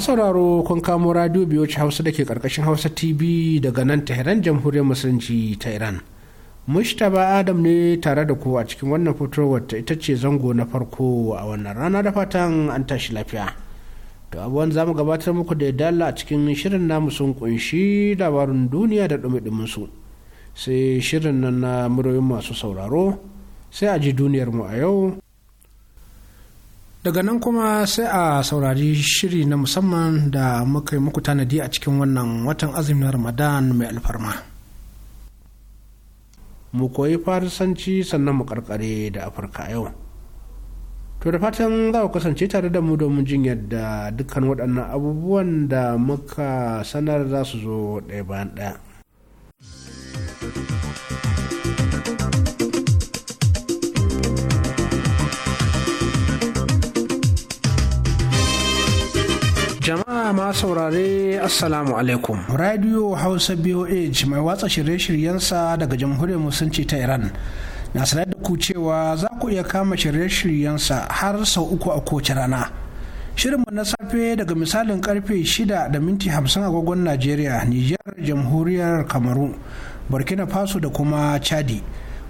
sauraro kun kamo radio biyoci hausa da ke karkashin hausa tv daga nan tehran jamhuriyar musulunci ta iran mushtaba adam ne tare da ku a cikin wannan fitowar ta ita ce zango na farko a wannan rana da fatan an tashi lafiya to abuwan za mu gabatar muku da ya dala a cikin shirin namu sun kunshi labarin duniya da dumi su sai shirin nan na muryoyin masu sauraro sai a ji duniyarmu a yau daga nan kuma sai a saurari shiri na musamman da muka yi muku tanadi a cikin wannan watan azumin ramadan mai alfarma mu koyi farisanci sannan mu karkare da afirka yau to da fatan za ku kasance tare da mu domin jin yadda dukkan waɗannan abubuwan da muka sanar za su zo ɗaya bayan ɗaya Jama'a ma saurare Assalamu alaikum. Radio Hausa BOH mai watsa shirye-shiryensa daga Jamhuriyar Musulunci ta Iran. Na sanar da ku cewa za ku iya kama shirye-shiryensa har sau uku a kowace rana. Shirinmu na safe daga misalin karfe 6 da minti 50 agogon Najeriya, Nijar, Jamhuriyar Kamaru, Burkina Faso da kuma Chadi.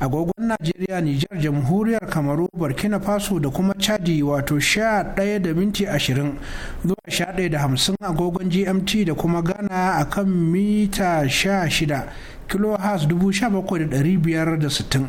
agogon najeriya nijar jamhuriyar kamaru burkina faso da kuma chadi wato sha ɗaya da minti ashirin zuwa sha ɗaya da hamsin agogon gmt da kuma ghana a kan mita shida dubu bakwai da sha biyar da sittin.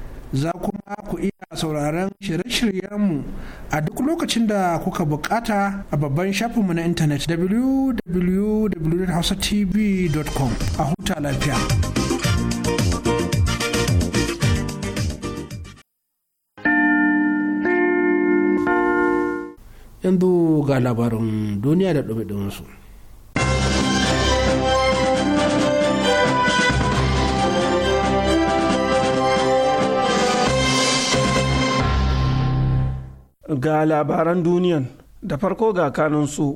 za kuma ku iya sauraron shirye-shiryenmu a duk lokacin da kuka bukata a babban shafinmu na intanet www.hausatv.com a huta lafiya. yanzu ga labarin duniya da ɗumi su. ga labaran duniyan da farko ga su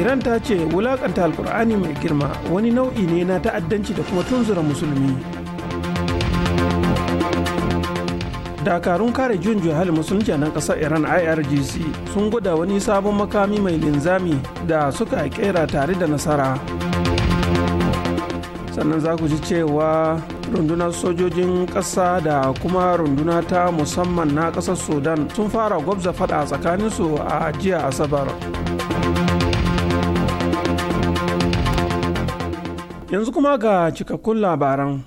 Iran ta ce wulakanta alkur'ani mai girma wani nau'i ne na ta'addanci da kuma tunzura musulmi. Dakarun kare jun halin musulunci na kasar Iran IRGC sun gwada wani sabon makami mai linzami da suka kera tare da nasara. Sannan za ku ji cewa rundunar sojojin ƙasa da kuma runduna ta musamman na ƙasar sudan sun fara gwabza fada su a jiya asabar yanzu kuma ga cikakkun labaran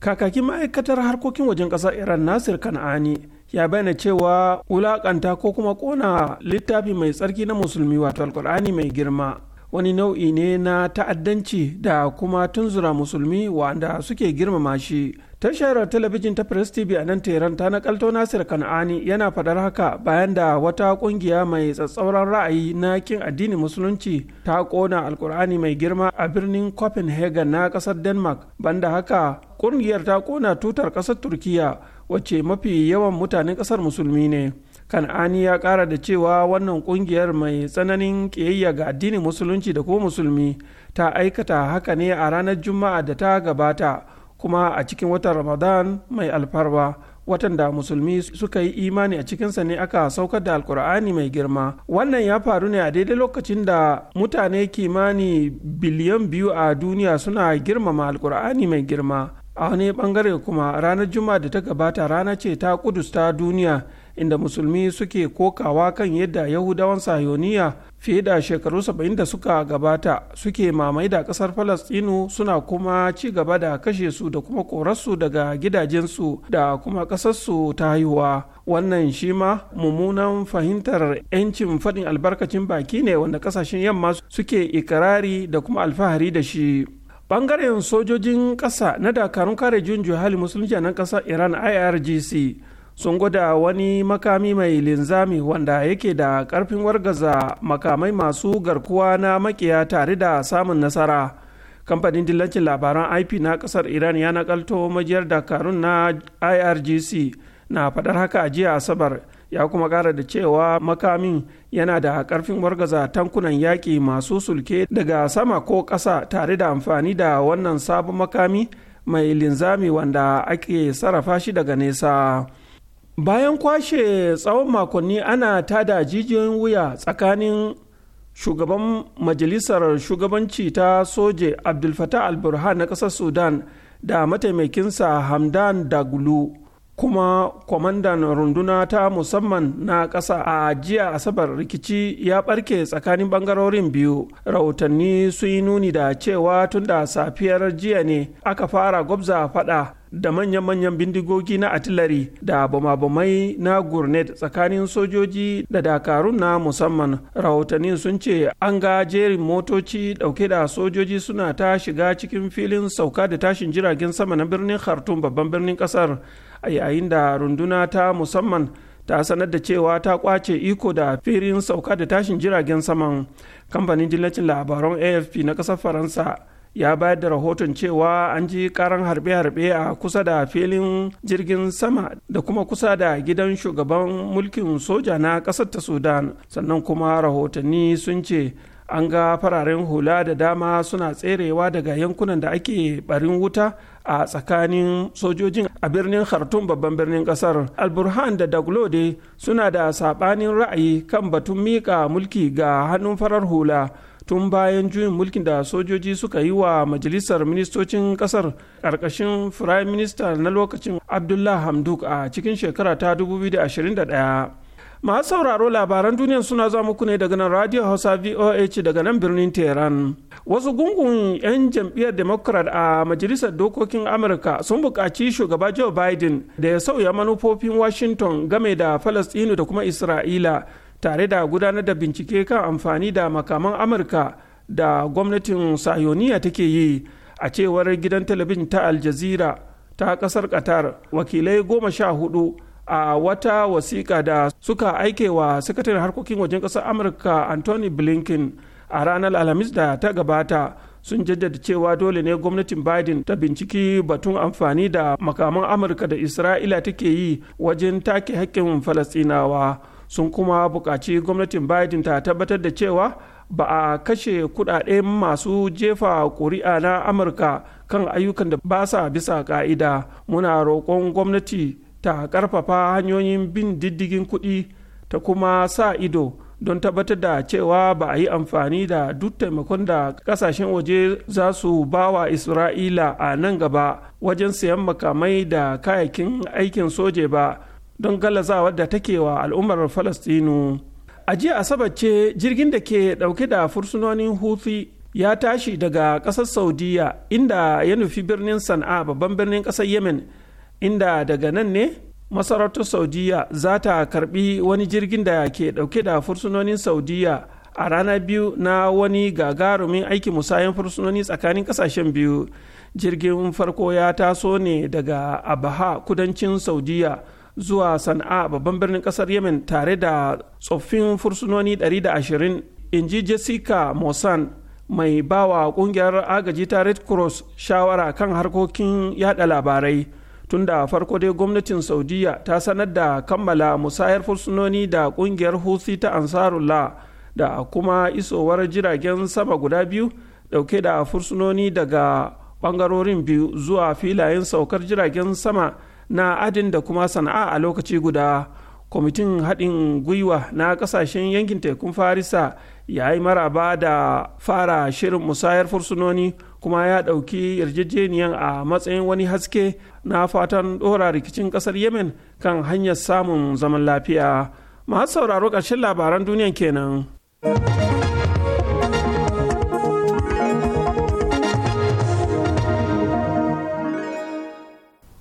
kakakin ma'aikatar harkokin wajen ƙasar iran nasir kan'ani ya bayyana cewa wulaƙanta ko kuma ƙona littafi mai tsarki na musulmi wato alkur'ani mai girma wani nau'i ne na ta'addanci da kuma tunzura musulmi wanda suke girmama shi tashar talabijin ta press tv a nan teran ta nakalto nasir kan'ani yana faɗar haka bayan da wata ƙungiya mai tsatsauran ra'ayi na kin addinin musulunci ta ƙona alkur'ani mai girma a birnin copenhagen na ƙasar denmark banda haka ƙungiyar ta ƙona tutar ƙasar turkiya wacce mafi yawan mutanen ƙasar musulmi ne kan'ani ya kara da cewa wannan kungiyar mai tsananin kiyayya ga addinin musulunci da ko musulmi ta aikata haka ne a ranar juma'a da ta gabata kuma a cikin watan ramadan mai alfarwa watan da musulmi suka yi imani a cikinsa ne aka saukar da alkur'ani mai girma wannan ya faru ne a daidai lokacin da mutane kimani biliyan biyu a duniya suna girmama alkur'ani mai girma a wani bangare kuma ranar juma'a da ta gabata rana ce ta kudus ta duniya inda musulmi suke kokawa kan yadda yahudawan sayoniya fiye da shekaru 70 da suka gabata suke mamaye da kasar falastinu suna kuma ci gaba da kashe su da kuma korarsu daga gidajensu da kuma kasarsu ta haihuwa wannan shi ma mummunan fahimtar 'yancin faɗin albarkacin baki ne wanda kasashen yamma suke ikirari da kuma alfahari da shi bangaren sojojin ƙasa na dakarun kare juyin musulunci a nan ƙasar iran irgc sun gwada wani makami mai linzami wanda yake da karfin wargaza makamai masu garkuwa na makiya tare da samun nasara kamfanin dillancin labaran ip na kasar iran ya nakalto majiyar dakarun na irgc na faɗar haka a jiya asabar ya kuma ƙara da cewa makamin yana da karfin wargaza tankunan yaƙi masu sulke daga sama ko ƙasa tare da amfani da wannan sabon makami mai linzami wanda ake sarrafa shi daga nesa. bayan kwashe tsawon makonni ana tada jijiyoyin wuya tsakanin shugaban majalisar shugabanci ta soje abdul fatah al-burhan na kasar sudan da mataimakinsa hamdan dagulu kuma kwamandan runduna ta musamman na ƙasa a jiya asabar rikici ya ɓarke tsakanin ɓangarorin biyu rahotanni sun yi nuni da cewa tunda safiyar jiya ne aka fara gwabza faɗa da manyan-manyan bindigogi na artillery da bama-bamai na gurnet tsakanin sojoji da dakarun na musamman rahotanni sun ce an ga jerin motoci dauke da sojoji suna ta shiga cikin filin sauka da tashin jiragen sama na birnin khartoum babban birnin kasar a yayin da runduna ta musamman ta sanar da cewa ta kwace iko da firin sauka da tashin jiragen saman kamfanin jillacin labaran afp na kasar faransa ya bayar da rahoton cewa an ji karan harbe-harbe a kusa da filin jirgin sama da kuma kusa da gidan shugaban mulkin soja na kasar ta sudan sannan kuma rahotanni sun ce an ga fararen hula da dama suna tserewa daga yankunan da ake barin wuta a tsakanin sojojin a birnin khartoum babban birnin kasar alburhan da daglode suna da sabanin ra'ayi kan batun mika mulki ga hannun farar hula tun bayan juyin mulkin da sojoji suka yi wa majalisar ministocin kasar ƙarƙashin firayim minista na lokacin abdullah hamduk a cikin shekara ta 2021 masu sauraro labaran duniya suna za muku ne daga nan radio hausa voh daga nan birnin tehran wasu gungun 'yan jam'iyyar democrat a majalisar dokokin amurka sun buƙaci shugaba joe biden da ya sauya manufofin washington game da da kuma isra'ila tare da gudanar da bincike kan amfani da makaman amurka da gwamnatin sayoniya take yi a cewar gidan talabijin ta aljazira ta kasar qatar wakilai goma sha hudu a wata wasiƙa da suka aike wa sakataren harkokin wajen ƙasar amurka anthony blinken a ranar alhamis da ta gabata sun jaddada cewa dole ne gwamnatin biden ta binciki batun amfani da makaman amurka da isra'ila take yi wajen take haƙƙin falasinawa. sun kuma buƙaci gwamnatin biden ta tabbatar da cewa ba a kashe kudade masu jefa ƙuri'a na amurka kan ayyukan da ba sa bisa ka'ida muna roƙon gwamnati ta ƙarfafa hanyoyin bin diddigin kuɗi ta kuma sa ido don tabbatar da cewa ba a yi amfani da duk taimakon da kasashen waje za su ba wa isra'ila a nan gaba wajen sayan makamai da kayakin aikin soje ba don gallazawa da take wa al'ummar falastinu a jiya asabar ce jirgin da ke dauke da fursunonin hufi ya tashi daga kasar saudiya inda ya nufi birnin sana'a babban birnin kasar yemen inda daga nan ne masarautar saudiya za ta karbi wani jirgin da ke dauke da fursunonin saudiya a rana biyu na wani gagarumin aiki musayan fursunoni tsakanin kasashen biyu jirgin farko ya taso ne daga abaha kudancin saudiya zuwa sana'a babban birnin kasar yemen tare da tsoffin fursunoni 120 ji jessica mosan mai bawa kungiyar agaji ta red cross shawara kan harkokin yada labarai tun da farko dai gwamnatin saudiya ta sanar da kammala musayar fursunoni da kungiyar husi ta ansarullah da kuma isowar jiragen sama guda biyu dauke da fursunoni daga bangarorin biyu zuwa filayen saukar jiragen sama na adin da kuma sana'a a lokaci guda kwamitin haɗin gwiwa na ƙasashen yankin tekun farisa ya yi maraba da fara shirin musayar fursunoni kuma ya ɗauki yarjejeniyan a matsayin wani haske na fatan ɗora rikicin ƙasar yemen kan hanyar samun zaman lafiya masu sauraro ƙarshen labaran duniyan kenan.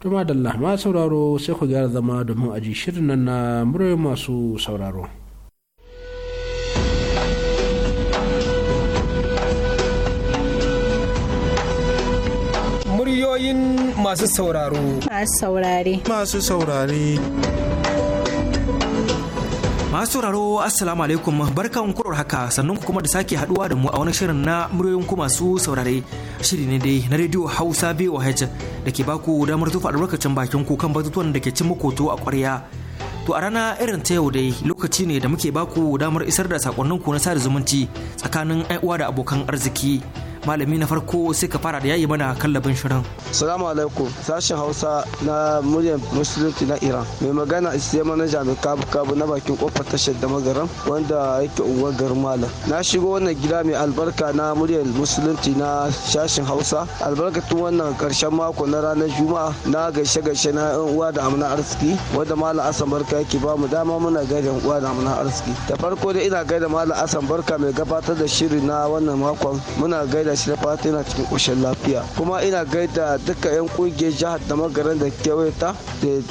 Tuma da Allah ma sauraro sai ku gyara zama domin aji shirin nan na muryoyin masu sauraro. Muryoyin masu sauraro. Masu saurare. Masu saurare. masu sauraro assalamu alaikum barkan kurar haka sannan kuma da sake haduwa da mu a wani shirin na muryoyin ku masu saurare shiri ne dai na rediyo hausa boh da ke baku damar tufa albarkacin bakin ku kan batutuwan da ke cin makoto a kwarya to a rana irin ta yau dai lokaci ne da muke baku damar isar da sakonnin ku na sada zumunci tsakanin ai'uwa da abokan arziki malami na farko sai ka fara da yayi mana kallabin shirin salamu alaikum sashen hausa na muryar musulunci na iran mai magana isiya mana mai kabu kabu na bakin kofar tashar da magaran wanda yake unguwar garin Malam. na shigo wannan gida mai albarka na muryar musulunci na sashen hausa albarkatun wannan karshen mako na ranar juma'a na gaishe gaishe na yan uwa da amina arziki wanda malam asan barka yake ba mu dama muna gaida yan uwa da amina arziki da farko da ina gaida malam asan barka mai gabatar da shiri na wannan makon muna gaida shi da fata yana cikin ƙoshin lafiya kuma ina gaida duka 'yan ƙungiyar jihar da magaran da kewaye da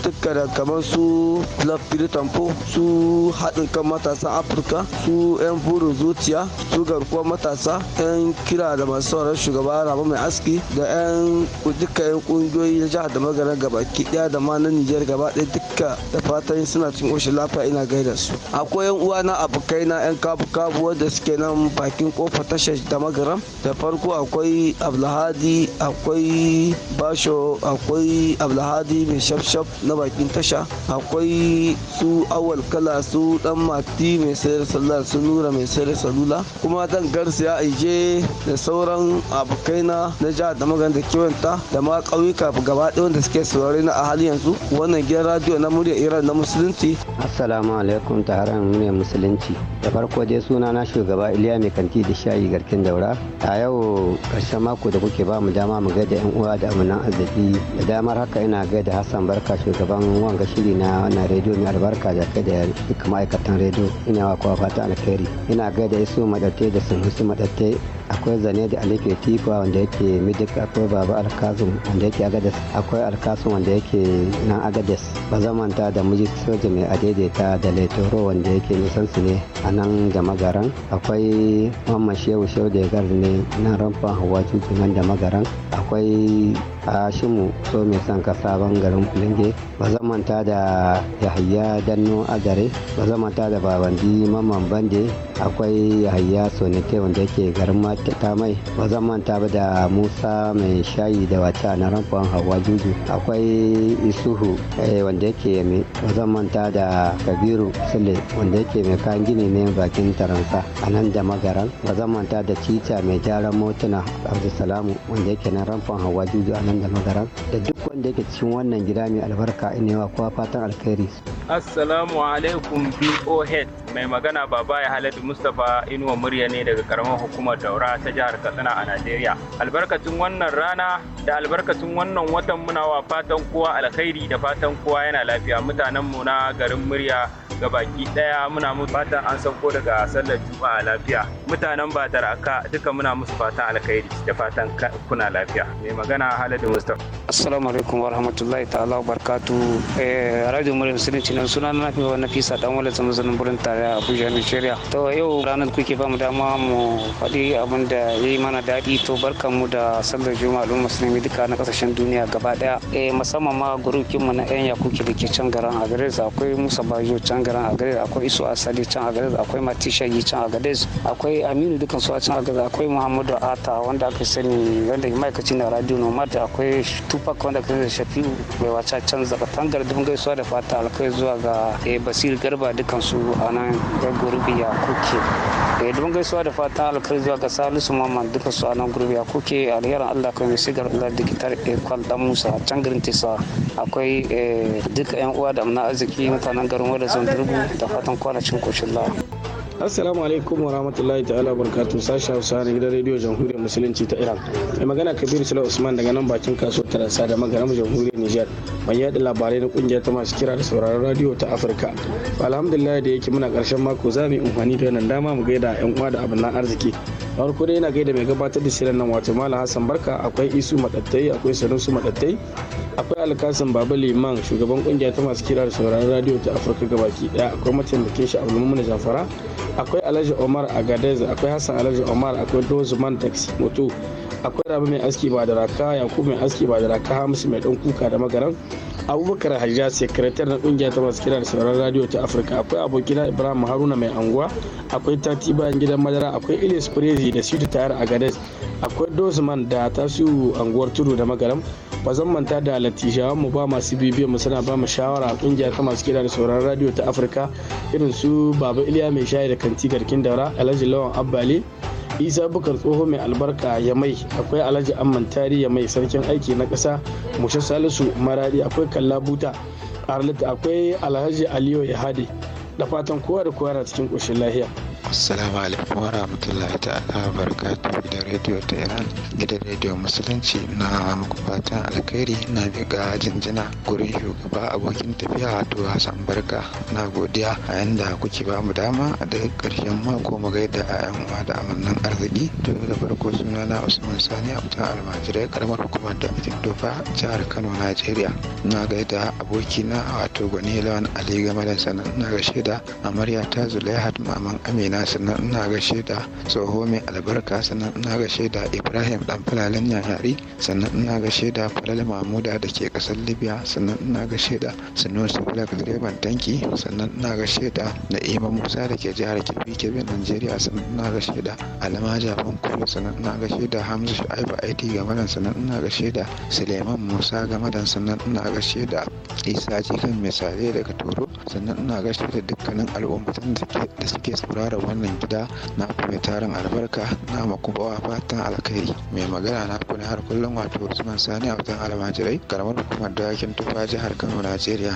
duka da kamar su club tampo su haɗin kan matasan afirka su 'yan burin zuciya su garkuwar matasa 'yan kira da masu sauran shugaba rabu mai aski da 'yan duka 'yan ƙungiyoyi na jihar da magaran gabaki ɗaya da ma na nijiyar gaba ɗaya duka da fata suna cikin ƙoshin lafiya ina gaida su akwai 'yan uwa na abokai na 'yan kabu kabu wanda suke nan bakin kofa tashar da magaran da farko akwai abdulhadi akwai basho akwai abdulhadi mai shafshaf na bakin tasha akwai su awal kala su dan mati mai sayar salula su nura mai sayar salula kuma dan garsiya aije da sauran abokai na jiha da maganda kiwanta da ma kauyuka gaba ɗaya wanda suke saurari na a halin yanzu wannan gidan radio na murya iran na musulunci assalamu alaikum taron murya musulunci da farko dai suna na shugaba iliya mai kanti da shayi garkin daura a yau ƙarshen mako da kuke ba mu dama mu gaida yan uwa da amunan arziki da damar haka ina gaida hassan barka shugaban wanga shiri na wannan rediyo mai albarka da kai da duka ma'aikatan rediyo ina wa kowa fata alkhairi ina gaida isu madatte da sunusi madatte akwai zane da alike tifa wanda yake midik akwai baba alkazum wanda yake agadas akwai alkazum wanda yake nan agadas ba zamanta da miji soja mai adaidaita da laitoro wanda yake nisan su ne a nan da magaran akwai mamman shehu shehu da gari ne nan ramfan hawa nan da magaran akwai a shimu so mai san ka sabon garin kulinge ba zamanta da yahaya danno agare ba zamanta da babandi mamman bande akwai yahaya sonite wanda yake garin mata ta mai ba zan manta ba da musa mai shayi da wata na ramfon hawa juju akwai isuhu eh, wanda yake yame ba zan manta da kabiru sule wanda yake mai kayan gini ne bakin taransa a nan da magaran ba zan manta da cica mai gyaran motuna salamu wanda yake na ramfon hawa juju a nan da magaran da duk wanda yake cikin wannan gida mai albarka ina yawa kowa fatan alkhairi assalamu alaikum boh mai magana baba ya haladu mustapha inuwa murya ne daga karamar hukumar daura ta jihar katsina a najeriya albarkacin wannan rana da albarkacin wannan watan muna wa fatan kowa alkhairi da fatan kowa yana lafiya mutanen mu na garin murya ga baki daya muna mu fatan an sauko daga sallar juma'a lafiya mutanen batar aka duka muna musu fatan alkhairi da fatan kuna lafiya mai magana haladu mustafa assalamu alaikum warahmatullahi ta'ala barkatu eh radio murin musulunci nan suna na fi wannan fisa dan wala zamanin burin tare a abuja nigeria to yau ranar kuke ba mu dama mu faɗi abin da da ya yi mana daɗi to mu da sallar juma'a al'ummar musulmi duka na kasashen duniya gaba ɗaya eh, musamman ma gurukin mu na 'yan yakuki da ke can garin agares akwai musa bajo can garin agares akwai isu asali can agares akwai matisha yi can agares akwai aminu dukan su a can agares akwai muhammadu ata wanda aka sani wanda ma'aikaci na radio nomad akwai tupac wanda aka sani da shafi'u mai wata can zakatangar dubin gaisuwa da fata alkai zuwa ga eh, basir garba dukan su a nan ya gurbi yakuki kuke eh, dubin gaisuwa da fata alkai zuwa ga salo salisu Muhammad duka su anan gurbiya kuke alheran allah kai mai sigar da digitar ekwal dan musa can garin tisa akwai eh, duka yan uwa da amna arziki mutanen garin wadda zan da fatan kwanacin koshin la'a Assalamu alaikum wa rahmatullahi ta'ala barkatu sashi Hausa na gidan rediyo Jamhuriyar Musulunci ta Iran. Mai magana Kabir Sula Usman daga nan bakin kaso Tarasa da magaram Jamhuriyar Nijar. mai yaɗa labarai na kungiyar ta masu kira da sauraron radiyo ta Afirka. Alhamdulillah da yake muna karshen mako za mu yi amfani da wannan dama mu gaida yan uwa da abin arziki. da farko dai ina gaida mai gabatar da shirin nan wato malam hassan barka akwai isu matattai akwai sanusu matattai akwai alkasin baba liman shugaban kungiya ta masu kira da sauraron radio ta afirka gabaki daya akwai mataimakin shi abdulmumin jafara akwai alhaji omar a agadez akwai hassan alhaji omar akwai dozman taxi moto akwai rabu mai aski ba da raka yakubu mai aski ba da raka hamisu mai dan kuka da magaran abubakar hajjia sekretar na kungiyar ta masu kira da sauran radio ta afirka akwai abokina ibrahim haruna mai anguwa akwai tati bayan gidan madara akwai ilis prezi da situ tayar a gades akwai dozman da tasiru anguwar tudu da magaran ba zan manta da latishawan mu ba masu bibiyan mu suna ba mu shawara a kungiyar ta masu kira da sauran radio ta afirka irin su baba iliya mai shayi da kanti garkin daura alhaji lawan abbali isa bukar tsoho mai albarka ya mai akwai alhaji amman tari ya mai sarkin aiki na ƙasa musa salisu maradi akwai kalla buta akwai alhaji aliyu ya hade da fatan kowa da kowa na cikin ƙoshin lahiya Assalamu alaikum wa rahmatullahi ta'ala wa barakatuhu gidan rediyo ta Iran gidan rediyo musulunci na muku fatan alkhairi na ga jinjina gurin shugaba abokin tafiya to Hassan Barka na godiya a yanda kuke ba mu dama a daga karshen mako mu gaida a yan uwa da amannan arziki to da farko suna na Usman Sani a Abdul Almajirai karamar hukumar da ake Dofa jihar Kano Najeriya na gaida abokina wato Gwani Lawan Ali Gamadan sanan na ga da amarya ta Zulaihat Maman Amina ina sannan ina ga da tsoho mai albarka sannan ina ga da ibrahim dan fulalen yayari sannan ina ga da falal mamuda da ke kasar libya sannan ina ga da sinosu black direban tanki sannan ina gashe da iman musa da ke jihar kirbi kirbi nigeria sannan ina gashe da almaja bankolo sannan ina ga da hamza shu'aibu it game da sannan ina ga da suleiman musa game da sannan ina ga da isa cikin misalai daga toro sannan ina ga da dukkanin al'ummatan da suke saurara wannan gida na ku mai tarin albarka na maku bawa fatan alkhairi mai magana na ku na har kullum wato usman sani a wutan almajirai karamar hukumar dakin tufa jihar kano najeriya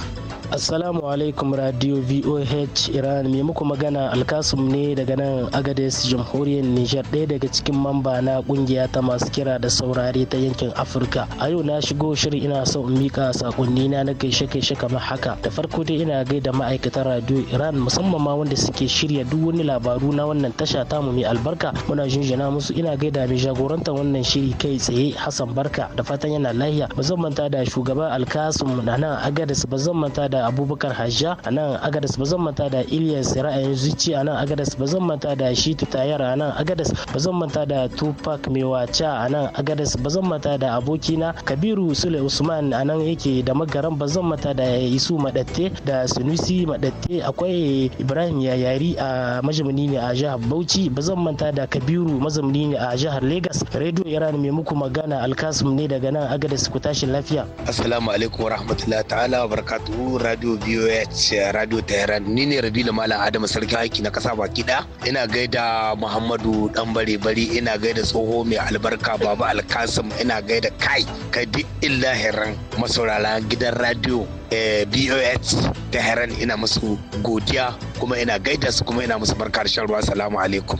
assalamu alaikum radio voh iran mai muku magana alkasum ne daga nan agades jamhuriyar nijar ɗaya daga cikin mamba na ƙungiya ta masu kira da saurare ta yankin afirka a yau na shigo shirin ina son in mika sakonni na na gaishe gaishe kamar haka da farko dai ina gaida ma'aikatan radio iran musamman ma wanda suke shirya duk wani labarai labaru na wannan tasha ta mu mai albarka muna jinjina musu ina gaida mai jagorantar wannan shiri kai tsaye Hassan Barka da fatan yana lahiya ba zan manta da shugaba Alkasum a nan agadas ba zan manta da Abubakar Hajja a nan agadas ba zan manta da Ilyas Ra'ayin Zuci a nan agadas ba zan manta da Shitu Tayar a nan agadas ba zan manta da Tupac Mewacha a nan agadas ba zan manta da abokina Kabiru Sule Usman a nan yake da magaran ba zan manta da Isu Madatte da Sunusi Madatte akwai Ibrahim Yayari a majalisar mazamuni ne a jihar Bauchi ba zan manta da Kabiru mazamuni ne a jihar lagos Radio Iran mai muku magana Alkasim ne daga nan Agadez ku tashi lafiya. Assalamu alaikum wa rahmatullahi ta'ala wa Radio VOH Radio Tehran ni ne rabila Malam Adamu sarki aiki na kasa baki da ina gaida Muhammadu dan bare bari ina gaida tsoho mai albarka Baba alkasum ina gaida kai kai duk illahiran masaurala gidan radio BOH eh, Tehran ina musu godiya kuma ina gaida su kuma ina musu barkar shan ruwa salamu alaikum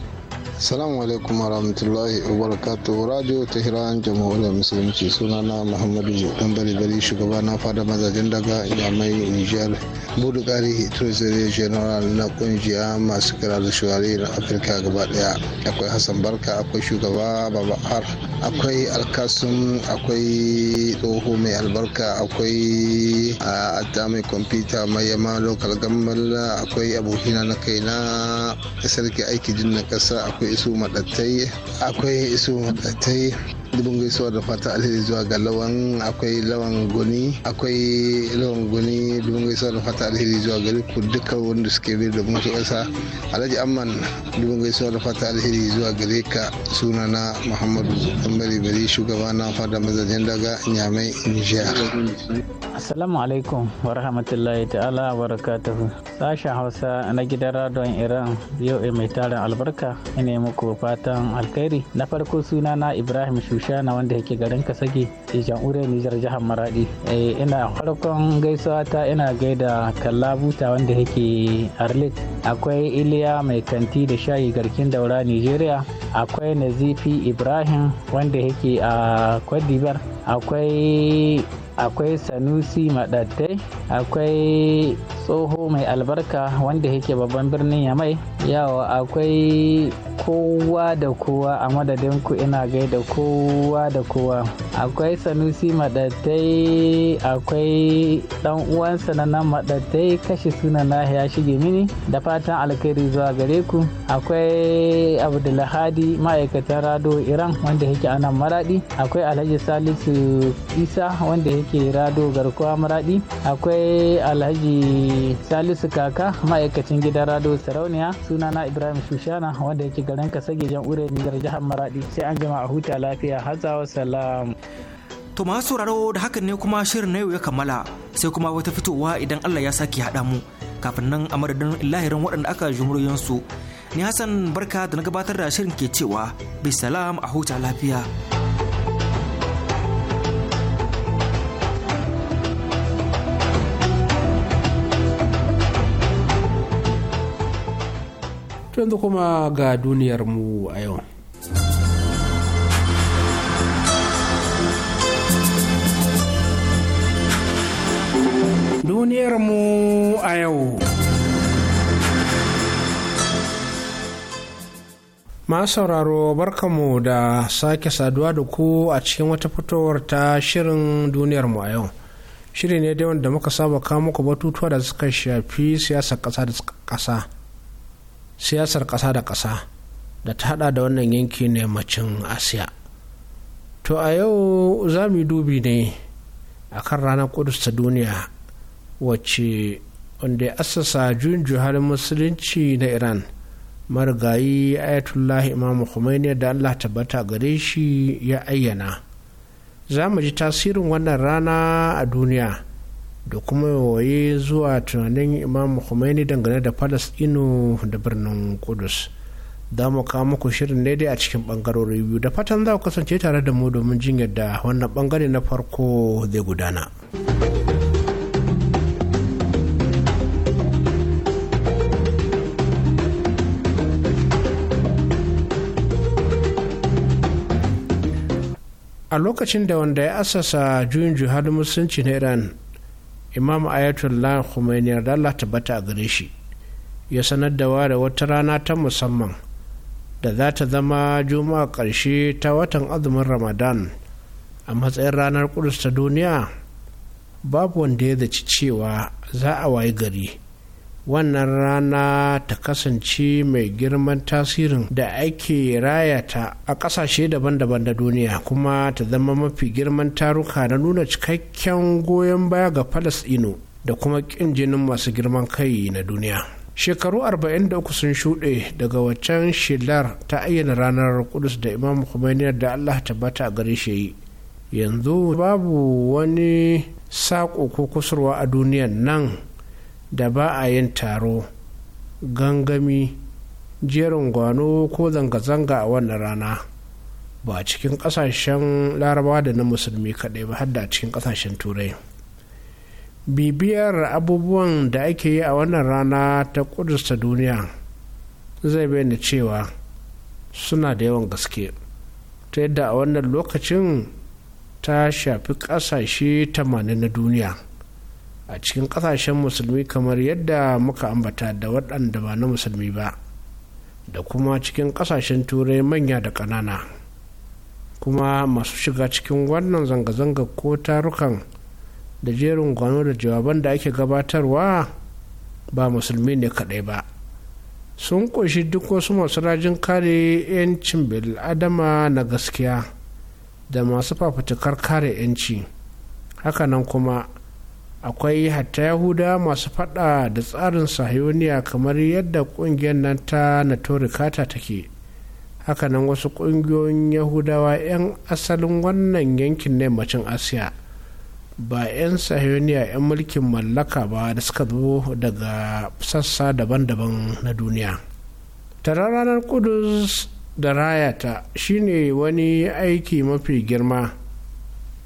Salamu alaikum warahmatullahi wabarakatu Radio Tehran Jamhuriyar Musulunci sunana Muhammadu dambali Balibali shugaba na fada mazajen daga Yamai Nijar Budu Kari Tresere General na kungiya masu kira da shugari na Afirka gaba daya akwai Hassan Barka akwai shugaba Baba Har akwai Alkasun, akwai Tsoho mai albarka akwai Adda mai kwamfuta mai yama local gammal akwai abokina na kaina sarki aiki jin na kasa su madattai akwai su madattai dubin gaisuwa da fatan alheri zuwa ga lawan akwai lawan goni akwai lawan goni dubin gaisuwa da fatan alheri zuwa gare ku duka wanda suke bi da mutu ƙasa alhaji amman dubin gaisuwa da fatan alheri zuwa gare ka suna na muhammadu tambari bari shugaba na fada mazajen daga nyamai nijar assalamu alaikum wa rahmatullahi ta'ala wa barakatuhu sashen hausa na gidan radon iran yau mai tarin albarka ina muku fatan alkhairi na farko suna na ibrahim shusha shana wanda yake garin kasage jamhuriyar nijar jihar maradi eh, ina farkon gaisuwa ta ina gaida kalla buta wanda yake arlit akwai iliya mai kanti da shayi garkin daura Nijeriya, akwai nazifi ibrahim wanda yake a kwadibar akwai akwai sanusi maɗattai akwai tsoho mai albarka wanda yake babban birnin yamai yawa akwai kowa da kowa a madadin ku ina gaida kowa da kowa akwai sanusi madadai akwai dan uwansa na nan kashi suna na ya shige mini da fatan alkhairi zuwa gare ku akwai abdulhadi ma'aikatan rado iran wanda yake anan maradi akwai alhaji salisu isa wanda yake rado garkuwa maradi akwai alhaji salisu kaka ma'aikacin gidan rado sarauniya sunana ibrahim shushana wanda yake garin kasage ure nijar jihar maradi sai an jima a huta lafiya hatsawa salam to masu sauraro da hakan ne kuma shirin na yau ya kammala sai kuma wata fitowa idan allah ya sake haɗa mu kafin nan a madadin lahirin waɗanda aka su ni hassan barka da na gabatar da shirin ke cewa bisalam a huta lafiya. yanzu kuma ga duniyarmu a yau. Duniyarmu a yau. Masu sauraro barkamu da sake saduwa da ku a cikin wata fitowar ta shirin duniyarmu a yau. Shiri ne da wanda muka saba kawo muku batutuwa da suka shafi siyasar ƙasa da ƙasa. siyasar ƙasa da ƙasa da ta haɗa da wannan yanki ne macin asiya to a yau za mu dubi ne a kan ranar kudus ta duniya wacce wanda ya assasa juyin juhalin musulunci na iran marigayi ayatollah imam khomeini da allah tabbata gare shi ya ayyana za mu ji tasirin wannan rana a duniya da kuma waye zuwa tunanin imam Khomeini dangane da inu da birnin kudus za mu kawo muku shirin ne dai a cikin bangarori biyu da fatan za ku kasance tare da mu domin jin yadda wannan bangare na farko zai gudana. a lokacin da wanda ya asasa juyin juhar musulunci na iran imam ayatollah khomeini Allah tabbata a gare shi ya sanar da ware wata rana ta musamman da za ta zama juma'a ƙarshe ta watan azumin ramadan a matsayin ranar kudus ta duniya babu wanda ya zaci cewa za a wayi gari wannan rana ta kasance mai girman tasirin da ake rayata a ƙasashe daban-daban da duniya kuma ta zama mafi girman taruka na nuna cikakken goyon baya ga falasɗinu da kuma ƙin jinin masu girman kai na duniya shekaru 43 sun shuɗe daga waccan shilar ta ayyana ranar kudus da imam khomeini da allah tabbata a gare shi yanzu babu wani saƙo ko kusurwa a duniyan nan da ba a yin taro gangami jerin gwano ko zanga-zanga a wannan rana ba a cikin kasashen larabawa da na musulmi kaɗai ba har da cikin kasashen turai bibiyar abubuwan da ake yi a wannan rana ta ta duniya zai bayyana cewa suna da yawan gaske ta yadda a wannan lokacin ta shafi ƙasashe 80 na duniya a cikin kasashen musulmi kamar yadda muka ambata da waɗanda ba na musulmi ba da kuma cikin kasashen turai manya da ƙanana kuma masu shiga cikin wannan zanga-zanga ko tarukan da jerin gwano da jawaban da ake gabatarwa ba musulmi ne kaɗai ba sun ƙunshi duk wasu masu rajin kare 'yancin bil'adama na gaskiya da masu fafutukar kare 'yanci hakanan kuma akwai hatta yahuda masu fada da tsarin sahiyoniya kamar yadda kungiyar nan ta natorikata take hakanan wasu kungiyoyin yahudawa 'yan asalin wannan yankin na asiya ba 'yan sahiyoniya 'yan mulkin mallaka ba da suka zo daga sassa daban-daban na duniya ranar kudus da rayata shine wani aiki mafi girma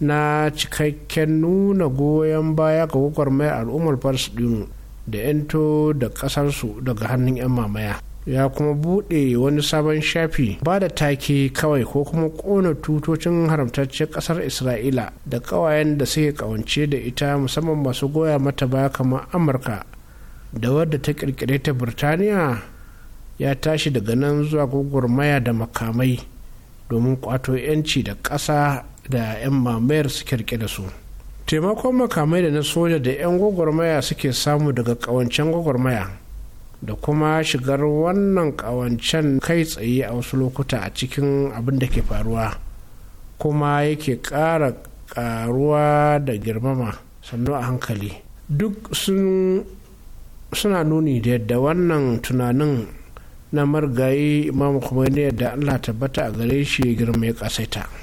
na cikakken nuna goyon baya ga gwagwarmayar al'ummar dinu da 'yanto da kasarsu daga hannun 'yan mamaya ya kuma buɗe wani sabon shafi ba da take kawai ko kuma ƙona tutocin haramtaccen ƙasar isra'ila da ƙawayen da suke ƙawance da ita musamman masu goya mata baya kamar amurka da wadda ta ƙirƙire ta birtaniya ya tashi daga nan zuwa gwagwarmaya da makamai domin ƙwato 'yanci da ƙasa da 'yan mamayar su kirke da su taimakon makamai da na soja da 'yan gwagwarmaya suke samu daga ƙawancen gwagwarmaya da kuma shigar wannan ƙawancen kai tsaye a wasu lokuta a cikin abin da ke faruwa kuma yake ƙara ƙaruwa da girmama sannu a hankali duk sun suna nuni da yadda wannan tunanin na margayi imam Khomeini da allah tabbata a gare shi girma ya ƙasaita.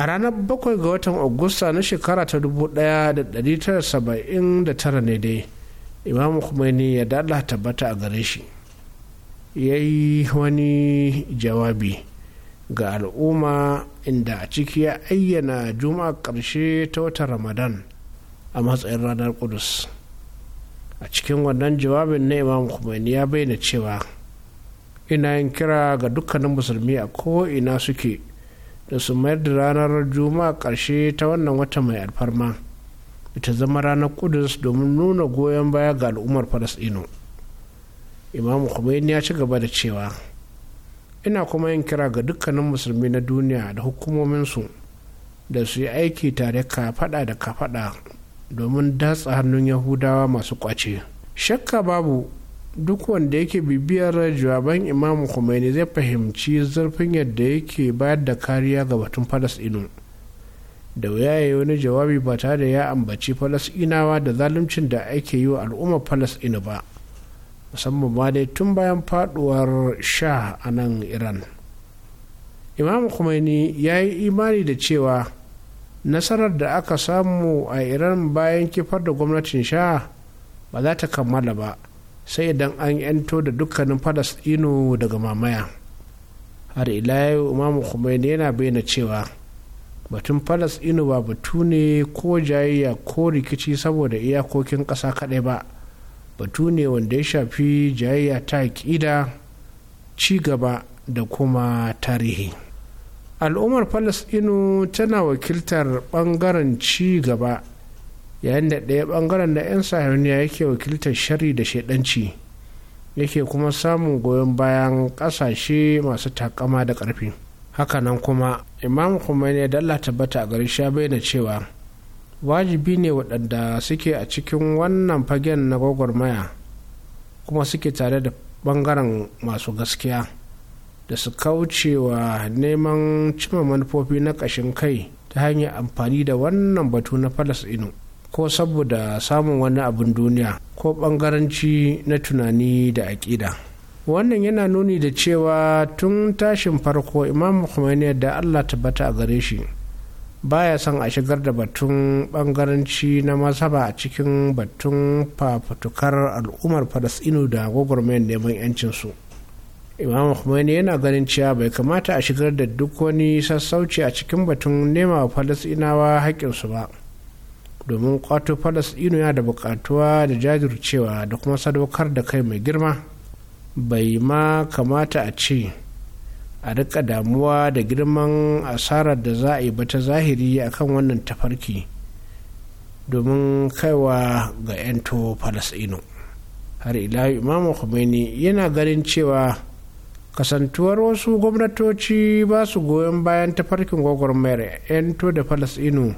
a ranar bakwai ga watan agusta na shekara ta dubu da tara ne dai imam khomeini ya dala tabbata a gare shi ya yi wani jawabi ga al'umma inda a ciki ya ayyana juma'a ƙarshe ta watan ramadan a matsayin ranar kudus a cikin wannan jawabin na imam khomeini ya bayyana cewa ina yin kira ga dukkanin musulmi a ko ko'ina suke da su mayar da ranar juma'a ƙarshe ta wannan wata mai alfarma ita zama ranar kudus domin nuna goyon baya ga al'ummar falasɗinu imamu khomeini ya ci gaba da cewa ina kuma yin kira ga dukkanin musulmi na duniya da hukumominsu da su yi aiki tare ka kafaɗa da ka kafaɗa domin datsa hannun yahudawa masu kwace shakka babu duk wanda yake bibiyar jawaban imamu khomeini zai fahimci zurfin yadda yake bayar da kariya ga batun falasɗinu da wuya ya yi wani jawabi ba tare da ya ambaci falasɗinawa da zaluncin da ake yi wa al'ummar falasɗinu ba musamman ma dai tun bayan faduwar sha a nan iran imam khomeini ya yi imani da cewa nasarar da aka samu a iran bayan kifar da gwamnatin sha ba za ta kammala ba sai idan an yanto da dukkanin falasɗinu daga mamaya har ila yau imamu khomeini yana bayyana cewa batun falasɗinu ba batu ne ko jayayya ko rikici saboda iyakokin ƙasa kaɗai ba batu ne wanda ya shafi jayayya ta ƙida ci gaba da kuma tarihi al'ummar falasɗinu tana wakiltar ɓangaren ci gaba yayin da ɗaya ɓangaren na 'yan sahiyoniya yake wakiltar shari da shaidanci yake kuma samun goyon bayan ƙasashe masu takama da ƙarfi hakanan kuma imam khomeini da allah tabbata a gari sha bayyana cewa wajibi ne waɗanda suke a cikin wannan fagen na gwagwarmaya kuma suke tare da ɓangaren masu gaskiya da su kaucewa neman cimma manufofi na ƙashin kai ta hanyar amfani da wannan batu na falasɗinu ko saboda samun wani abin duniya ko ɓangaranci na tunani da aƙida wannan yana nuni da cewa tun tashin farko imam khomeini da allah tabbata a gare shi baya son a shigar da batun bangaranci na mazhaba a cikin batun fafutukar al'ummar falasino da gwagwarmayar neman 'yancinsu imam khomeini yana ganin cewa bai kamata a shigar da duk wani sassauci a cikin batun nema falasinawa haƙƙinsu ba domin kwato falasɗinu yana da buƙatuwa da jajircewa da kuma sadaukar da kai mai girma bai ma kamata a ce a rika damuwa da girman asarar da za a yi ba ta zahiri a kan wannan tafarki domin kaiwa ga 'yanto falasɗinu har ila imamu khomeini yana ganin cewa kasantuwar wasu gwamnatoci ba su goyon bayan tafarkin gwagwarmayar 'yanto da falasɗinu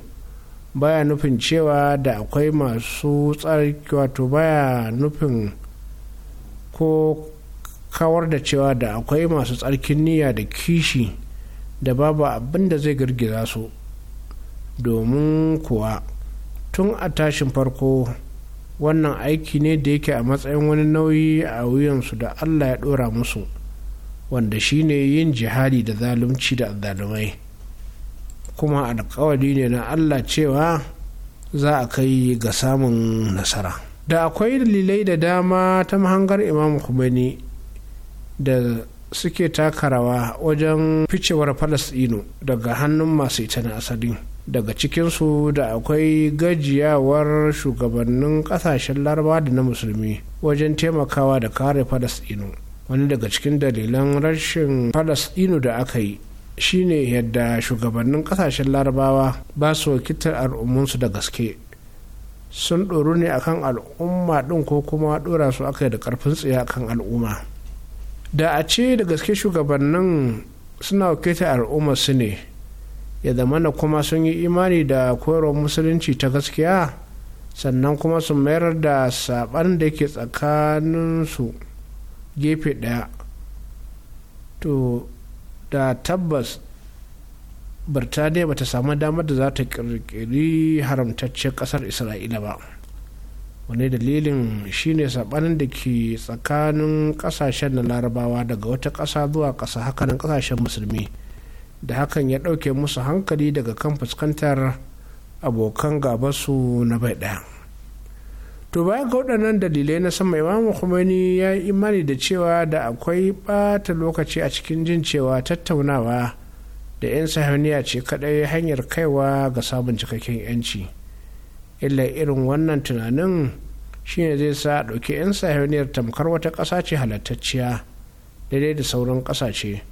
baya nufin cewa da akwai masu tsarki wato baya nufin ko kawar da cewa da akwai masu tsarkin niyya da kishi da babu abin da zai girgiza su domin kuwa tun a tashin farko wannan aiki ne da yake a matsayin wani nauyi a wuyansu da allah ya dora musu wanda shine yin jihadi da zalunci da azzalumai kuma alkawari ne na allah cewa za a kai ga samun nasara da akwai dalilai da dama ta mahangar imam Khomeini da suke takarawa wajen ficewar falasɗinu daga hannun masu ita na asali daga cikinsu da akwai gajiyawar shugabannin ƙasashen laraba da na musulmi wajen taimakawa da kare falasɗinu wani daga cikin dalilan rashin falasɗinu da aka yi shine yadda shugabannin kasashen larabawa ba su wakiltar al'ummunsu da gaske sun ɗoru ne akan al'umma ɗin ko kuma ɗora su aka da ƙarfin tsaye akan al'umma da a ce da gaske shugabannin suna wakiltar al'ummar su ne ya na kuma sun yi imani da koyarwar musulunci ta gaskiya sannan kuma su mayar da saɓan da ke tsakaninsu gefe ɗaya to da tabbas birtaniya ba ta samu damar da za ta kirkiri haramtaccen kasar isra'ila ba wani dalilin shine sabanin da ke tsakanin kasashen na larabawa daga wata kasa zuwa kasa hakanan kasashen musulmi da hakan ya ɗauke musu hankali daga kan fuskantar abokan gabasu na bai ɗaya to baya ga waɗannan dalilai na sama imamu khomeini ya yi imani da cewa da akwai ɓata lokaci a cikin jin cewa tattaunawa da 'yan sahaniya ce kaɗai hanyar kaiwa ga sabon cikakken 'yanci illa irin wannan tunanin shine zai sa ɗauki 'yan sahaniyar tamkar wata ƙasa ce halattacciya daidai da sauran ƙasashe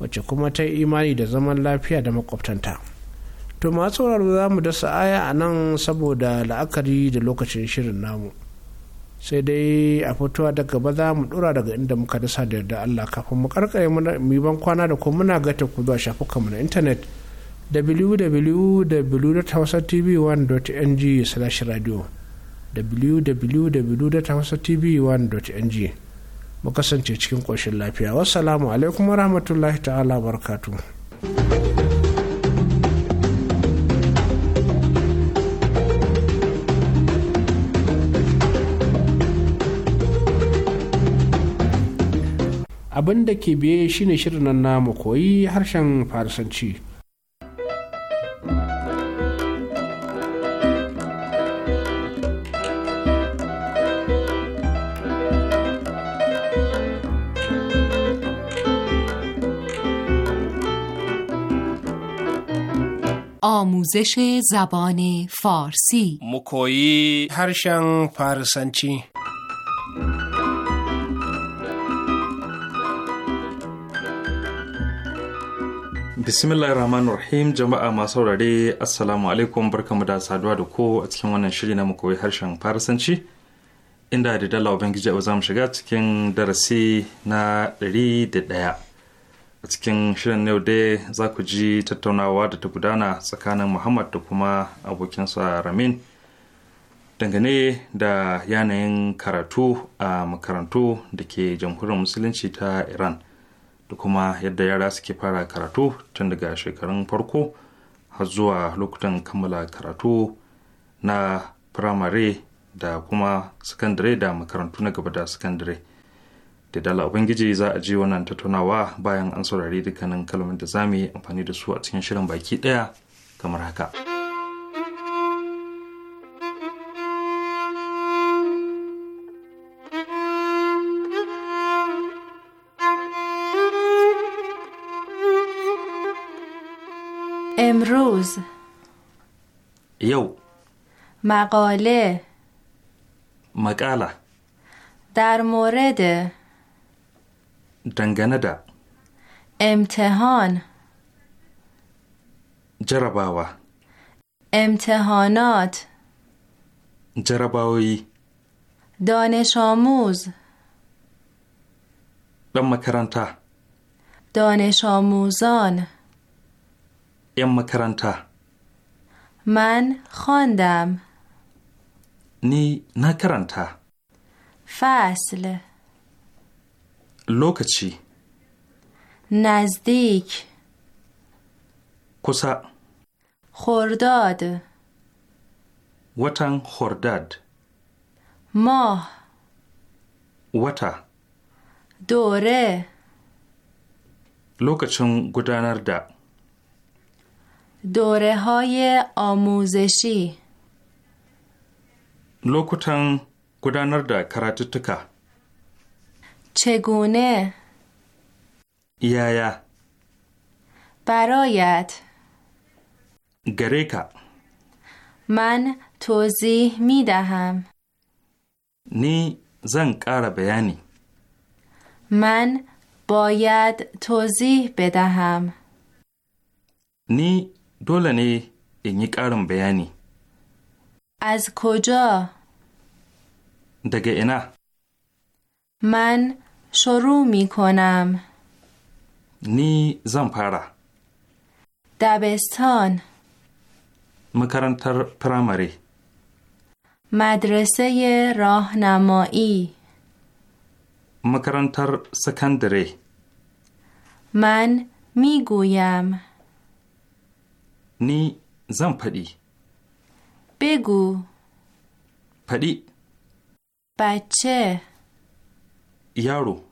wacce kuma ta imani da zaman lafiya da makwabtanta. to masu sauraro za mu dasa aya a nan saboda la'akari da lokacin shirin namu sai dai a fitowa daga ba za mu dora daga inda muka dasa da yarda Allah kafin mu karkare mu ban kwana da kuma muna gata ku zuwa shafukanmu na intanet www.hausatv1.ng slash radio www.hausatv1.ng mu kasance cikin koshin lafiya wassalamu alaikum rahmatullahi ta'ala barkatu. abin da ke biye shine shirin nan na koyi harshen farisanci آموزش زبان فارسی مکویی هرشن فارسنچی rahim jama'a masu saurare assalamu alaikum barkamu da saduwa da ko a cikin wannan shiri na koyi harshen farasanci inda da dala ubangiji za mu shiga cikin darasi na ɗari da ɗaya a cikin shirin yau dai za ku ji tattaunawa da ta gudana tsakanin muhammad da kuma abokinsa ramin dangane da yanayin karatu a makarantu da ke jamhuriyar musulunci ta iran da kuma yadda yara suke fara karatu tun daga shekarun farko har zuwa lokutan kammala karatu na firamare da kuma sakandare da makarantu na gaba da sakandare da dala ubangiji za a ji wannan tattaunawa bayan an saurari dukkanin kalmomin da za yi amfani da su a cikin shirin baki ɗaya kamar haka. امروز یو مقاله مقاله در مورد دنگندا امتحان جرباوا امتحانات جرباوی دانش آموز دم دانش آموزان 'yan makaranta. Man khondam. Ni na karanta. Fasl. Lokaci. Nazdik. Kusa. Khordad. Watan Khordad. Ma. Wata. Dore. Lokacin gudanar da. دوره های آموزشی لوکوتن گدانر دا کراتتکا چگونه یایا برایت گریکا من توضیح می دهم نی زن کار بیانی من باید توضیح بدهم نی dole نی یک بیانی. بیانی. از کجا؟ دگه نه. من شروع می کنم. نی زن دبستان. مکرانتر پرامری. مدرسه راهنمایی. مکرانتر سکندری. من میگویم. نی زن پدی بگو پدی بچه یارو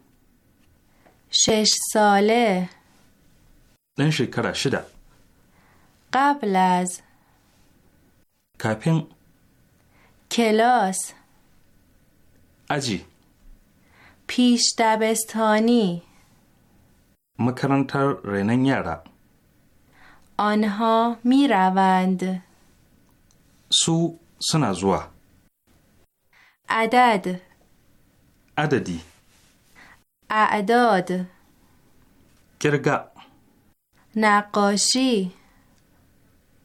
شش ساله دن قبل از کپین کلاس اجی پیش دبستانی مکرانتر رنن یارا آنها می روند سو سنازوا عدد عددی اعداد کرگا نقاشی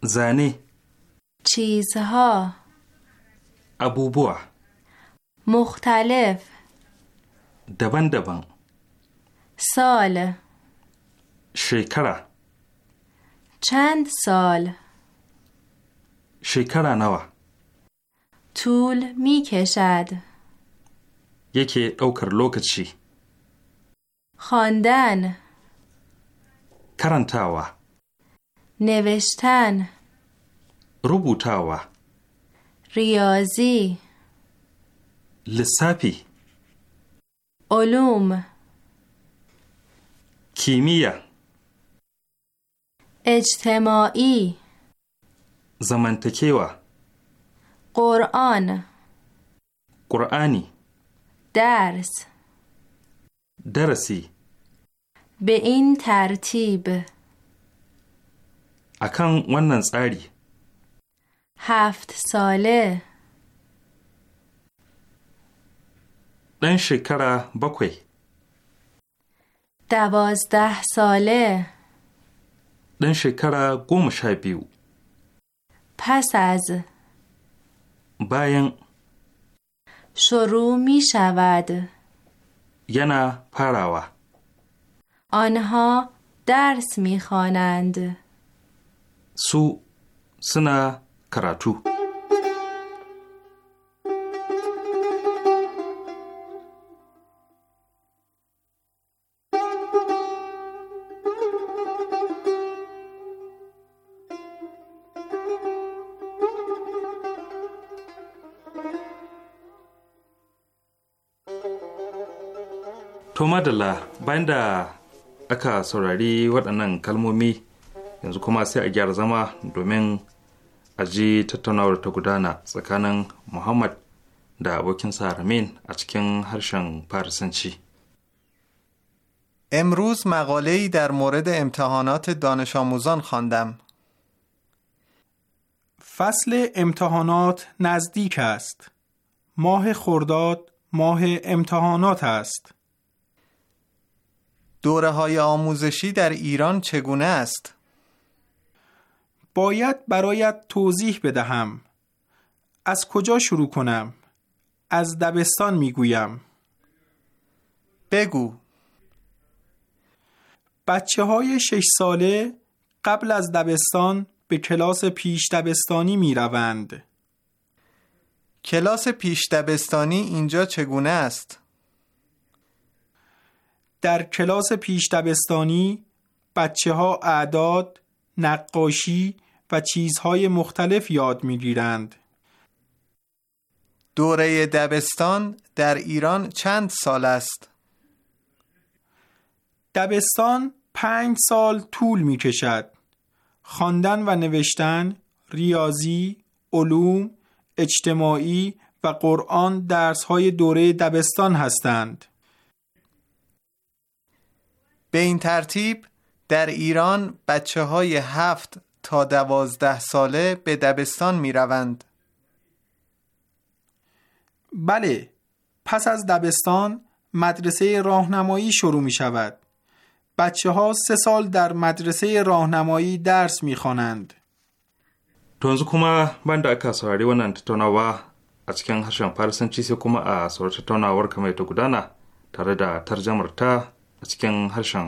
زنی. چیزها ابوبوع مختلف دبن دبن سال شکره چند سال شکر نوا طول می کشد یکی دوکر لوکچی خواندن کرانتاوا نوشتن روبوتاوا ریاضی لسپی علوم کیمیا اجتماعی زمانتکیوا قرآن قرآنی درس درسی به این ترتیب اکان ونن تساری هفت ساله دن شکره بکوی دوازده ساله دن شکره گوم sha پس از باین شروع می شود ینا پراوا آنها درس می خوانند سو سنا کراتو madalla bayan da aka saurari waɗannan kalmomi yanzu kuma sai a gyara zama domin a ji tattaunawar ta gudana tsakanin muhammad da abokinsa ramin a cikin harshen farisanci امروز مقاله ای در مورد امتحانات دانش آموزان خواندم. فصل امتحانات نزدیک است. ماه خرداد ماه امتحانات است. دوره های آموزشی در ایران چگونه است؟ باید برایت توضیح بدهم از کجا شروع کنم؟ از دبستان میگویم بگو بچه های شش ساله قبل از دبستان به کلاس پیش دبستانی می روند. کلاس پیش دبستانی اینجا چگونه است؟ در کلاس پیش دبستانی بچه ها اعداد، نقاشی و چیزهای مختلف یاد میگیرند. دوره دبستان در ایران چند سال است؟ دبستان پنج سال طول می کشد. خواندن و نوشتن، ریاضی، علوم، اجتماعی و قرآن درس دوره دبستان هستند. به این ترتیب در ایران بچه های هفت تا دوازده ساله به دبستان می روند. بله پس از دبستان مدرسه راهنمایی شروع می شود. بچه ها سه سال در مدرسه راهنمایی درس می خوانند. تونزو کما بند اکا سواری ونن تتونا و اچکن هرشان پارسن چیسی کما سورت تتونا ورکمه تو گدانا تارده ترجمه تا a cikin harshen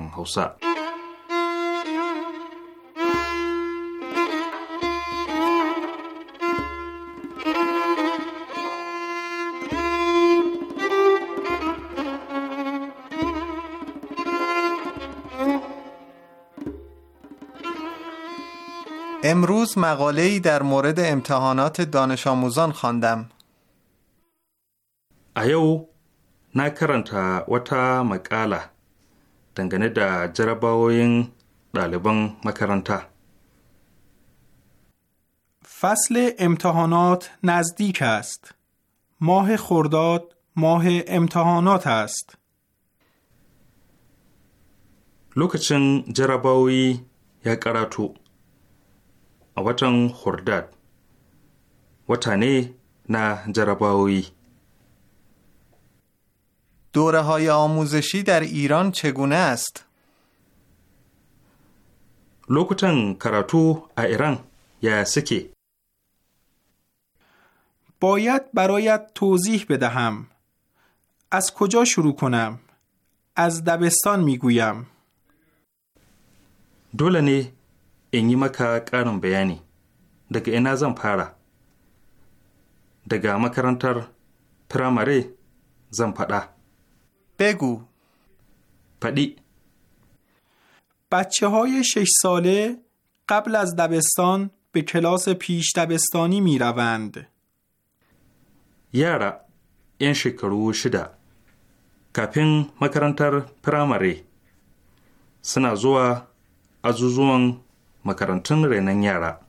امروز مقاله‌ای در مورد امتحانات دانش آموزان خواندم. ایو نا و تا مقاله dangane da jarabawoyin ɗaliban makaranta. فصل امتحانات نزدیک است. ماه خرداد ماه امتحانات است. لوکچن جرباوی یا قراتو اواتن خرداد واتانی نا جرباوی دوره های آموزشی در ایران چگونه است؟ لوکوتن کراتو ایران یا سکی باید برایت توضیح بدهم از کجا شروع کنم؟ از دبستان میگویم گویم ne in مکا بیانی. بیانی دگه این ازم پارا دگه مکرانتر پرامره زم بگو پدی بچه های شش ساله قبل از دبستان به کلاس پیش دبستانی می روند. یارا این شکرو شده کپین مکرانتر پرامری سنازوا ازوزوان مکرانتن رنن یارا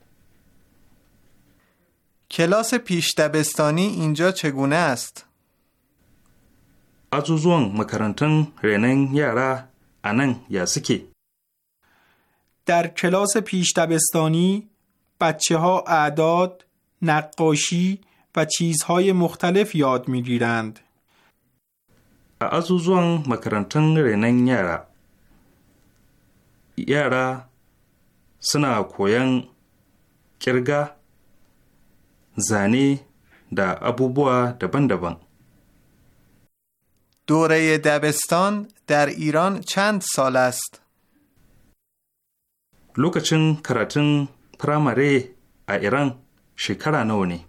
کلاس پیش دبستانی اینجا چگونه است؟ azuzuwan makarantun renon yara a nan ya suke در کلاس پیش دبستانی بچه ها اعداد، نقاشی و چیزهای مختلف یاد می گیرند. ازوزوان مکرانتن رنن یارا یارا سنا کوین کرگا زانی دا ابوبوا دبن دبن دوره دبستان در ایران چند سال است؟ لوکچن کراتن پرامره ایران شکرانونی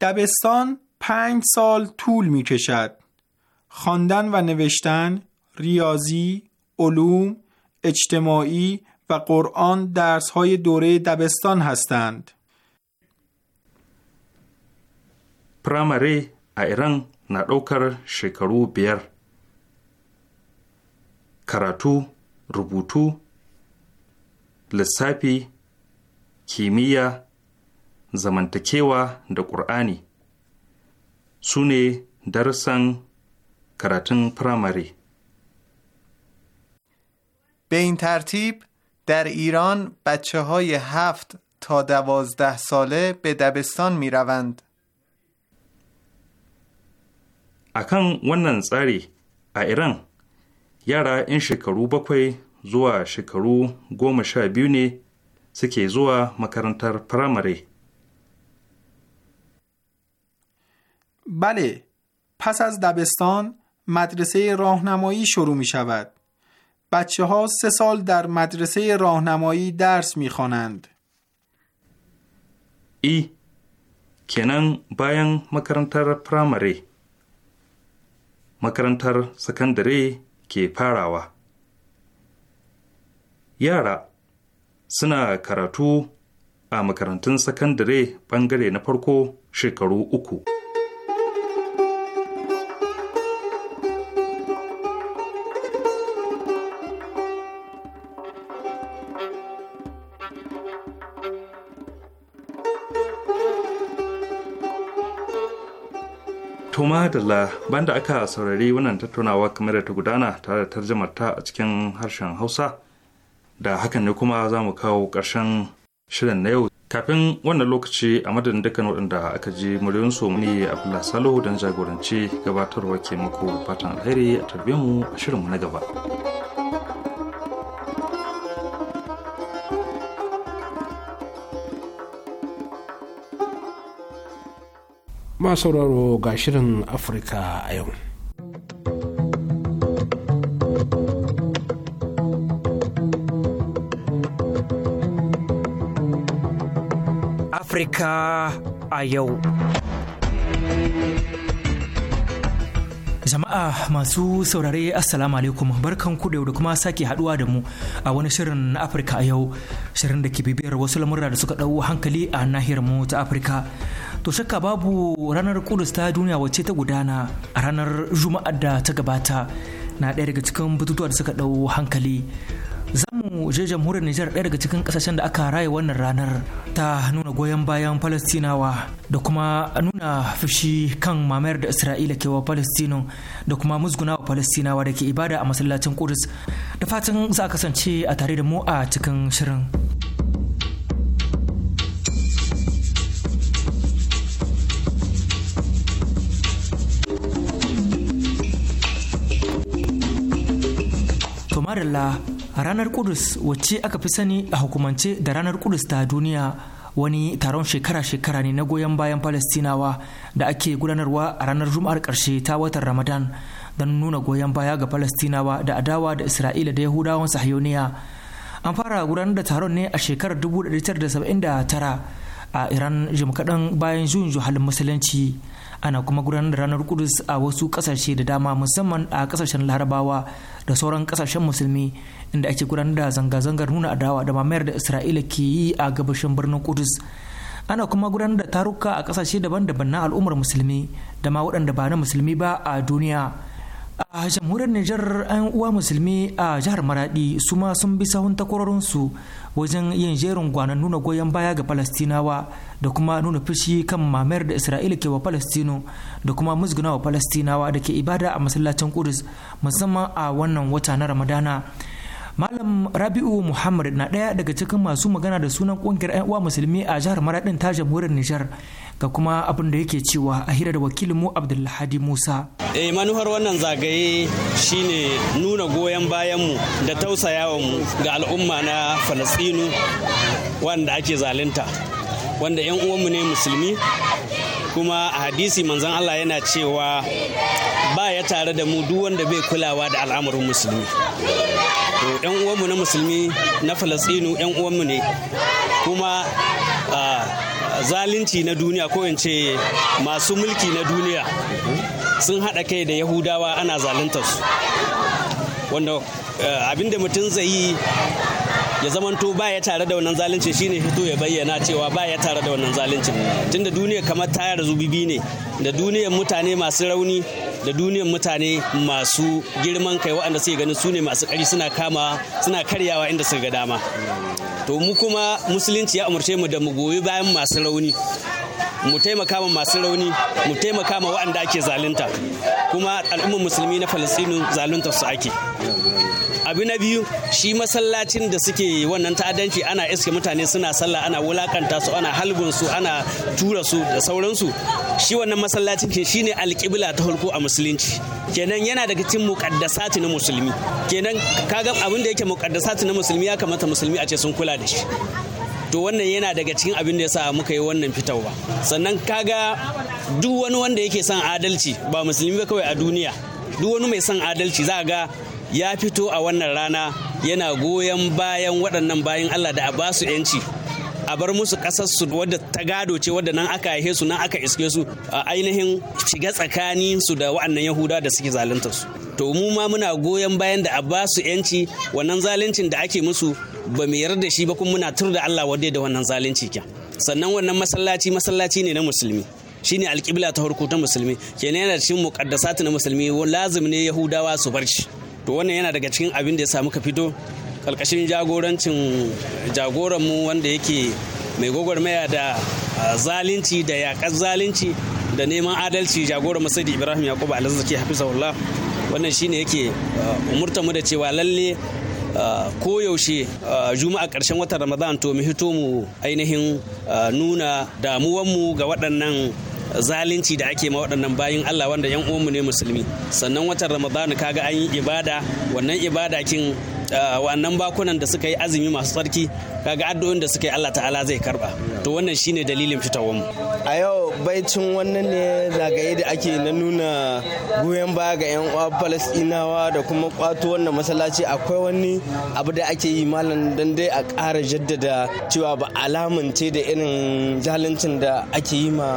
دبستان پنج سال طول می کشد خواندن و نوشتن ریاضی، علوم، اجتماعی و قرآن درس های دوره دبستان هستند firamare a iran na ɗaukar shekaru biyar. Karatu, rubutu, lissafi, kimiyya, zamantakewa da ƙur'ani su ne darussan karatun firamare. به این ترتیب در ایران بچه های هفت تا دوازده ساله به دبستان می روند. a kan wannan tsari a iran yara 'yan shekaru bakwai zuwa shekaru goma sha biyu ne suke zuwa makarantar firamare بله پس از دبستان مدرسه راهنمایی شروع می شود. بچه ها سه سال در مدرسه راهنمایی درس می خوانند. ای کنن باین مکرانتر پرامری makarantar sakandare ke farawa yara suna karatu a makarantun sakandare bangare na farko shekaru uku To la banda aka saurari wannan tattaunawa kamar da ta gudana tare da tarjamar ta a cikin harshen Hausa da hakan ne kuma za mu kawo ƙarshen shirin na yau kafin wannan lokaci a madadin dukkan waɗanda aka ji muryoyin su ne Abdullahi Salo don jagoranci gabatarwa ke muku fatan alheri a tarbe mu a shirin mu na gaba. masu sauraro ga shirin afirka a yau Afirka a yau. Jama'a masu saurare Assalamu alaikum barkan ku da kuma sake haduwa da mu a wani shirin na Afirka a yau shirin da ke bibiyar wasu lamurra da suka ɗau hankali a nahiyar mu ta Afirka To shakka babu ranar Kudus ta duniya wacce ta gudana a ranar Juma'ar da ta gabata na ɗaya daga cikin batutuwa da suka ɗau hankali. Za mu je jamhuriyar Nijar ɗaya daga cikin ƙasashen da aka raye wannan ranar ta nuna goyon bayan Falastinawa da kuma nuna fushi kan mamayar da Isra'ila ke wa Falastinu da kuma musgunawa Falastinawa da ke ibada a masallacin Kudus. Da fatan za a kasance a tare da mu a cikin shirin. Marilla ranar Kudus wacce aka fi sani a hukumance da ranar Kudus ta duniya wani taron shekara-shekara ne na goyon bayan Falastinawa da ake gudanarwa a ranar Juma'ar ƙarshe ta watan Ramadan don nuna goyon baya ga Falastinawa da adawa da Isra'ila da Yahudawan Sahiyoniya. An fara gudanar da taron ne a shekarar 1979 a Iran jim kaɗan bayan juyin juhalin Musulunci. ana kuma gudanar da ranar kudus a wasu kasashe da dama musamman a kasashen larabawa da sauran kasashen musulmi inda ake gudanar da zanga-zangar nuna adawa da mamayar da isra'ila ke yi a gabashin birnin kudus ana kuma gudanar da taruka a kasashe daban-daban na al'ummar musulmi da ma waɗanda ba na musulmi ba a duniya a jamhuriyar Nijar an uwa musulmi a jihar Maradi su ma sun bi sahun takwarorinsu wajen yin jerin gwanon nuna goyon baya ga Falastinawa da kuma nuna fushi kan mamayar da Isra'ila ke wa Falastino da kuma musgunawa wa Falastinawa da ke ibada a masallacin Kudus musamman a wannan wata na Ramadana. Malam Rabi'u Muhammad na daya daga cikin masu magana da sunan kungiyar 'yan uwa musulmi a jihar Maraɗin ta jamhuriyar Nijar ga kuma abin da yake cewa a hira da wakilinmu abdulhadi Musa. E manuhar wannan zagaye shine nuna goyon bayan mu da mu ga al'umma na Falastinu wanda ake zalunta wanda 'yan uwanmu ne musulmi kuma a hadisi manzon Allah yana cewa ba ya tare da mu duk wanda bai kulawa da al'amarin musulmi yan uwanmu na musulmi na falasinu yan uwanmu ne kuma zalunci na duniya ko in ce masu mulki na duniya sun haɗa kai da yahudawa ana zaluntar su wanda eh, abinda mutum zai yi ya zamanto ba ya tare da wannan zalunci shine fito ya bayyana cewa ba ya tare da wannan zalunci tunda duniya kamar tayar zubibi ne da duniyar mutane masu rauni da duniyar mutane masu girman kai waɗanda suke ganin su ne masu ƙari suna kama suna karyawa inda suka ga dama to mu kuma musulunci ya umarce mu da mu goyi bayan masu rauni mu taimaka ma masu rauni mu taimaka ma waɗanda ake zalunta kuma al'ummar musulmi na falastinu zalunta su ake abu na biyu shi masallacin da suke wannan ta'addanci ana iske mutane suna sallah ana wulakanta su ana halbin su ana tura su da sauransu shi wannan masallacin ke shine alƙibla ta farko a musulunci kenan yana daga cikin muqaddasati na musulmi kenan kaga abin da yake muqaddasati na musulmi ya kamata musulmi a ce sun kula da shi to wannan yana daga cikin abin da yasa muka yi wannan fitarwa sannan kaga duk wani wanda yake son adalci ba musulmi ba kawai a duniya duk wani mai son adalci za ga ya fito a wannan rana yana goyon bayan waɗannan bayan Allah da a ba su 'yanci a bar musu ƙasar su wadda ta gado ce wadda nan aka haife su nan aka iske su a ainihin shiga tsakanin su da wa'annan yahuda da suke zalunta su to mu ma muna goyon bayan da a ba su 'yanci wannan zaluncin da ake musu ba mu yarda shi ba kuma muna tur da Allah wadda da wannan zalunci kyan sannan wannan masallaci masallaci ne na musulmi shine alƙibla ta harko ta musulmi kenan yana cikin muƙaddasatu na musulmi lazim ne yahudawa su bar shi to wannan yana daga cikin abin da ya samu ka fito karkashin jagorancin jagoranmu wanda yake mai gwagwarmaya da zalunci da yakar zalunci da neman adalci jagoran masadi ibrahim yakubu alazaki hafizahullah wannan shine yake umurta mu da cewa lalle koyaushe juma'a karshen watan ramadan to mu hito mu ainihin nuna damuwanmu ga waɗannan zalunci da ake ma waɗannan bayin Allah wanda yan uwanmu ne musulmi sannan watan Ramadana kaga an yi ibada wannan ibada kin ah, wannan bakunan da suka yi azumi masu tsarki kaga addu'o'in da suka yi Allah ta'ala zai karba to wannan shine dalilin fitawar mu a yau baicin wannan ne zagaye da ake na nuna goyon baya ga yan uwa palestinawa da kuma kwato wannan masallaci akwai wani abu da ake yi malam dan dai a ƙara jaddada cewa ba alamance da irin jaluncin da ake yi ma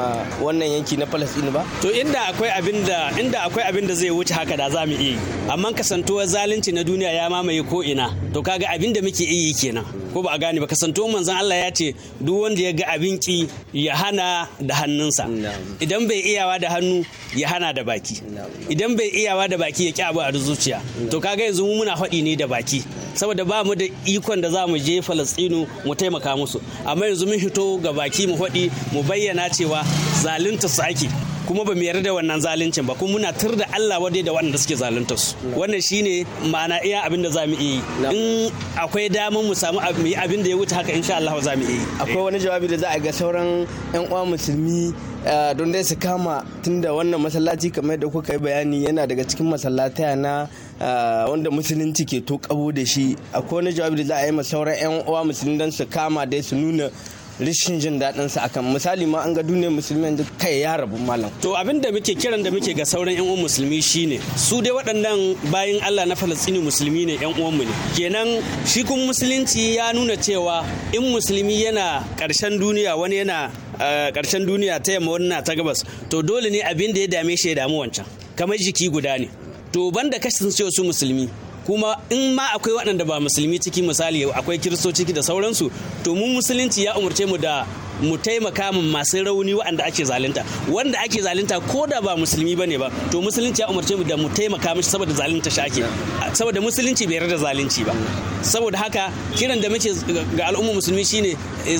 wannan yanki na Falastinu ba to inda akwai abin da inda akwai abin da zai wuce haka da za mu iya yi amma kasantuwar zalunci na duniya ya mamaye ko ina to kaga abin da muke iya yi kenan ko ba a gane ba kasanto manzon Allah ya ce duk wanda ya ga abin ki ya hana da hannunsa idan bai iyawa da hannu ya hana da baki idan bai iyawa da baki ya ki abu a zuciya to kaga yanzu mu muna faɗi ne da baki saboda ba mu da ikon da za mu je falastinu mu taimaka musu amma yanzu mun fito ga baki mu faɗi mu bayyana cewa zalunta su ake kuma ba mu yarda da wannan zaluncin ba kuma muna tur da Allah wadai da wanda suke zalunta su wannan shine ma'ana iya abin da za mu yi in akwai dama mu samu abin da ya wuce haka insha Allah za mu yi akwai wani jawabi da za a ga sauran yan uwa musulmi eh, don dai su kama tunda wannan masallaci kamar da kuka yi bayani yana daga cikin masallataya na eh, wanda musulunci ke to kabo da shi akwai wani jawabi da za a yi ma sauran yan uwa musulmi don su kama dai su nuna rishin jin daɗin sa akan misali ma an ga duniyar musulmi da kai ya rabu malam to abin da muke kiran da muke ga sauran yan uwan musulmi shine su dai waɗannan bayin Allah na Falastini musulmi ne yan mu ne kenan shi kuma musulunci ya nuna cewa in musulmi yana ƙarshen duniya wani yana eh, ƙarshen duniya ta yamma wani na ta gabas to dole ne abin da ya dame shi ya damu wancan kamar jiki guda ne to banda kashin su musulmi kuma in ma akwai waɗanda ba musulmi ciki misali akwai kiristoci da sauransu to mu musulunci ya umarce mu da mu taimaka mu masu rauni waɗanda ake zalunta wanda ake zalunta ko da ba musulmi bane ba to musulunci ya umarce mu da mu taimaka mishi saboda zalunta shi ake saboda musulunci bai yarda zalunci ba saboda haka kiran da muke ga al'ummar musulmi shine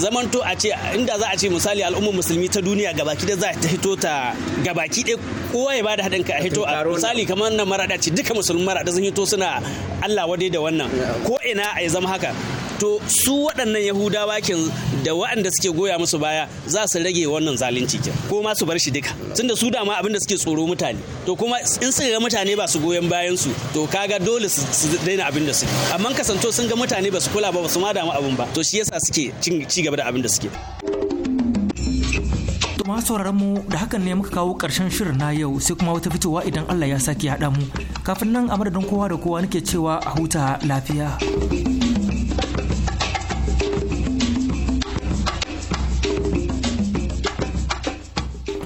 zamanto a ce inda za a ce misali al'ummar musulmi ta duniya gabaki da za ta hito ta gabaki ɗaya kowa ya bada haɗin ka a hito a misali kamar nan maraɗa ce duka musulmi maraɗa sun hito suna Allah wadai da wannan ko ina a zama haka to su waɗannan yahudawa kin da waɗanda suke goya musu baya za su rage wannan zalunci kin ko ma su bar shi duka tunda su dama abin suke tsoro mutane to kuma in sun ga mutane ba su goyon bayan su to kaga dole su daina abin da suke amma kasanto sun ga mutane ba su kula ba ba su ma damu abin ba to shi yasa suke ci gaba da abin da suke sauraron mu da hakan ne muka kawo karshen shirin na yau sai kuma wata fitowa idan Allah ya sake haɗa mu kafin nan a madadin kowa da kowa nake cewa a huta lafiya.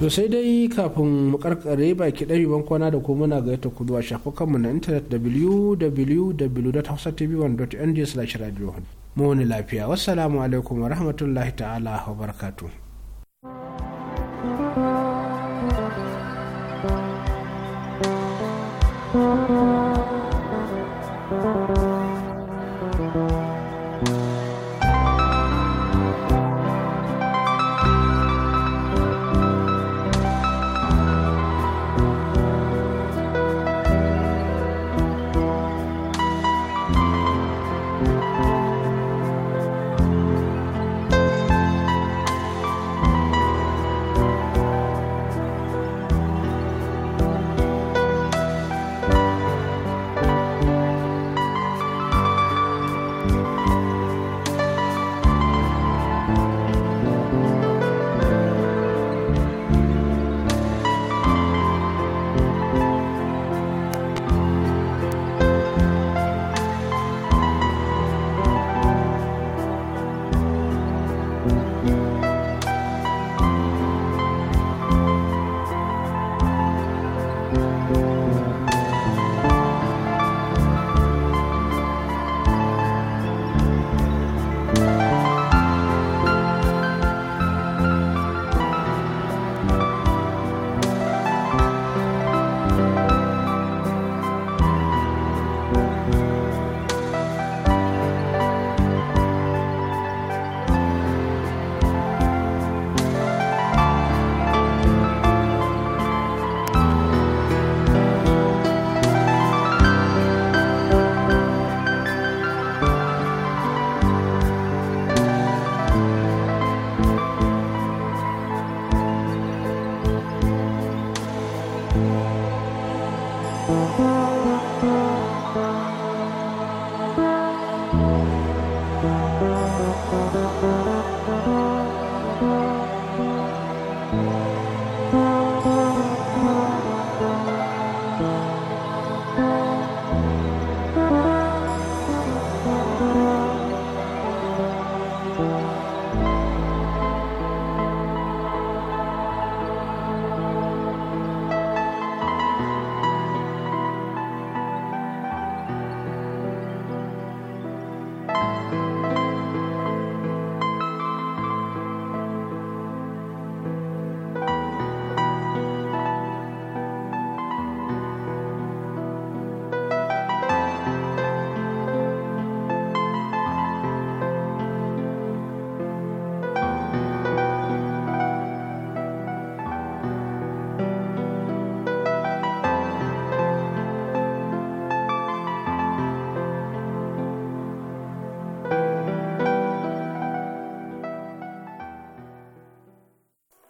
to sai dai kafin mu karkare baki ɗari ban kwana da kuma muna gaita a zuwa shafukanmu na intanet www.hausatv1.ng/radio mu wani lafiya wassalamu alaikum wa rahmatullahi ta'ala wa barakatu. thank you